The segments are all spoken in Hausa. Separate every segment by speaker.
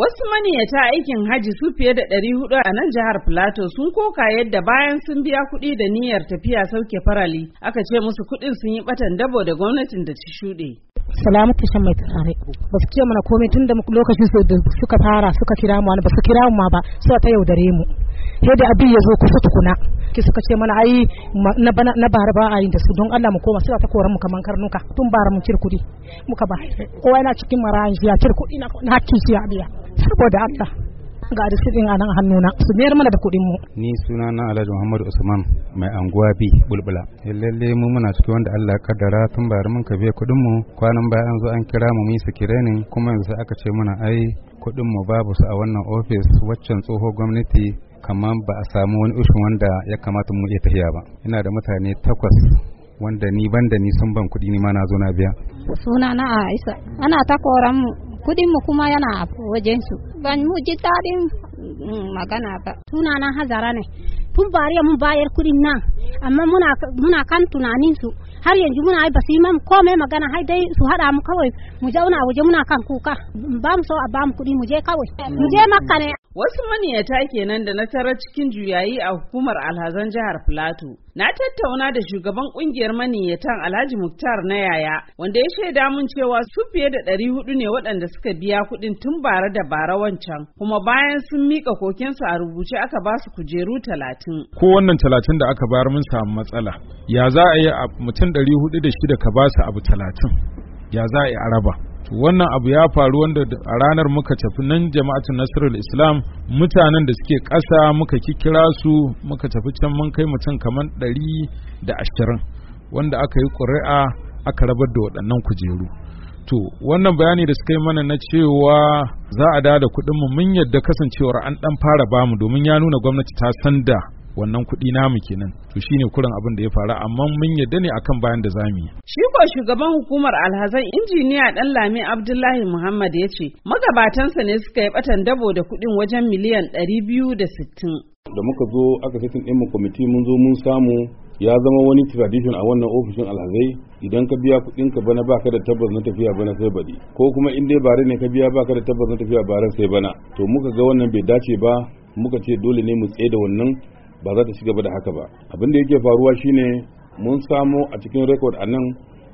Speaker 1: Wasu maniyata aikin haji su fiye da ɗari hudu a nan jihar Filato sun koka yadda bayan sun biya kuɗi da niyyar tafiya sauke farali aka ce musu kuɗin sun yi ɓatan dabo da gwamnatin da ci shuɗe. Salamu ta shan mai turare. Ba su ce mana komai tun da lokacin su da suka fara suka kira mu ba su kira mu ma ba suka ta yaudare mu. da abin ya zo kusa tukuna. Ki suka ce mana ai na bara ba a yin da su don Allah mu koma suka ta koran mu kamar karnuka tun bara mu cire kuɗi. Muka ba kowa yana cikin mara ya cire kuɗi na hakkin shi biya. riko da Allah ga receiving a nan hannuna su mayar mana da kuɗin mu.
Speaker 2: Ni suna na Alhaji Muhammadu Usman mai anguwa bi bulbula. Eh, lalle mu muna cikin wanda Allah kaddara tun bari mun ka biya kuɗin mu kwanan bayan an zo an kira mu mu ne kuma yanzu aka ce muna ai kuɗin mu babu su a wannan ofis waccan tsoho gwamnati kamar ba a samu wani ushin wanda ya kamata mu iya tafiya ba. Ina da mutane takwas wanda ni ban da ni sun ban kuɗi ni ma na zo na biya.
Speaker 1: Suna na Aisha ana takoran mu kuɗin mu kuma yana a wajen su ban mu ji daɗin mm, magana ba tunana hazara ne tun bariya mun bayar kuɗin nan amma muna kan tunanin su har yanzu muna ai basu yi mam komai magana har dai su haɗa mu kawai mu zauna waje muna kan kuka ba mu so a ba mu kuɗi mu je kawai mu je makka ne Wasu maniyata kenan da na tara cikin juyayi a hukumar alhazan jihar Plateau. Na tattauna da shugaban kungiyar maniyatan Alhaji Muktar na yaya, wanda ya shaida mun cewa su fiye da ɗari hudu ne waɗanda suka biya kuɗin tun bara da bara wancan, kuma bayan sun mika kokensu a rubuce aka ba su kujeru talatin.
Speaker 2: Ko wannan talatin da aka bayar mun samu matsala. Ya za a yi a mutum da shida ka ba su abu talatin ya za a yi araba wannan abu ya faru wanda a ranar muka tafi nan jama'atun nasarar islam mutanen da suke ƙasa muka kikira su muka tafi can mun kai mutum kamar ashirin wanda aka yi ƙuri'a aka rabar da waɗannan kujeru to wannan bayani da suka yi mana na cewa za a da kuɗinmu mun yadda kasancewar an ɗan fara bamu domin ya nuna gwamnati ta san da wannan kuɗi namu kenan to shine kuran abin da ya faru amma mun yadda ne akan bayan da zamu yi
Speaker 1: shi ko shugaban hukumar alhazan injiniya dan lami abdullahi muhammad ya ce magabatansa ne suka yi batan dabo da kuɗin wajen miliyan ɗari 260
Speaker 3: da muka zo aka sitin ɗin kwamiti mun zo mun samu ya zama wani tradition a wannan ofishin alhazai idan ka biya kuɗin ka bana baka da tabbas na tafiya bana sai baɗi ko kuma in dai bare ne ka biya baka da tabbas na tafiya bare sai bana to muka ga wannan bai dace ba muka ce dole ne mu tsaye da wannan ba za ta ci gaba da haka ba abin da yake faruwa shine mun samo a cikin rekod a nan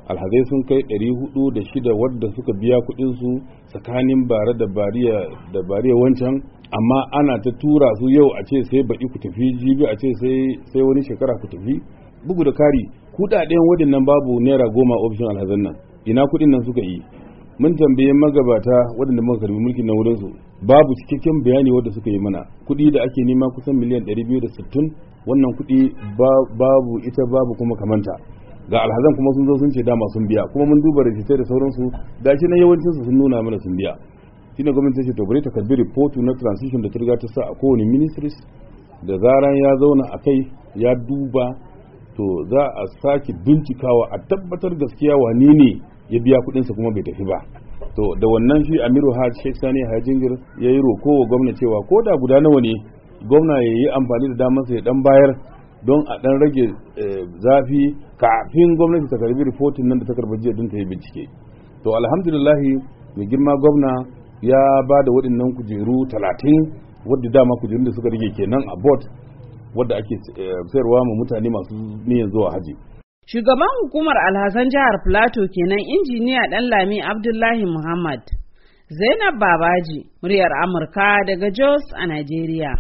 Speaker 3: alhazai sun kai 406 wadda suka biya su tsakanin bare da bariya da bariya wancan amma ana ta tura su yau a ce sai baki ku tafi jibi a ce sai wani shekara ku tafi bugu da kari kudaden wadannan babu naira goma ofishin alhazan nan ina kuɗin nan suka yi mun tambayi magabata waɗanda muka karbi mulkin na wurin su babu cikakken bayani wanda suka yi mana kuɗi da ake nema kusan miliyan 260 wannan kuɗi babu ita babu kuma kamanta ga alhazan kuma sun zo sun ce dama sun biya kuma mun duba rikice da sauransu shi na yawancin su sun nuna mana sun biya shi ne gwamnati ce to bari ta karbi rahoto na transition da turga ta sa a kowane ministries da zaran ya zauna a kai ya duba to za a sake bincikawa a tabbatar gaskiya wane ne ya biya kuɗinsa kuma bai tafi ba to da wannan shi amiru har sheikh sani hajingir ya yi roko wa gwamna cewa ko da guda nawa ne gwamna ya yi amfani da sa ya dan bayar don a dan rage eh, zafi kafin gwamnati ta karbi rifotin nan da ta karbi jiya don ta yi bincike to alhamdulillahi mai girma gwamna ya ba da waɗannan kujeru talatin wadda dama kujerun da suka rage kenan a bot wadda ake eh, sayarwa ma mutane masu niyan zuwa haji
Speaker 1: Shugaban hukumar alhazan jihar Plateau kenan injiniya ɗan Lami Abdullahi Muhammad. Zainab Babaji, muryar Amurka daga Jos a Najeriya.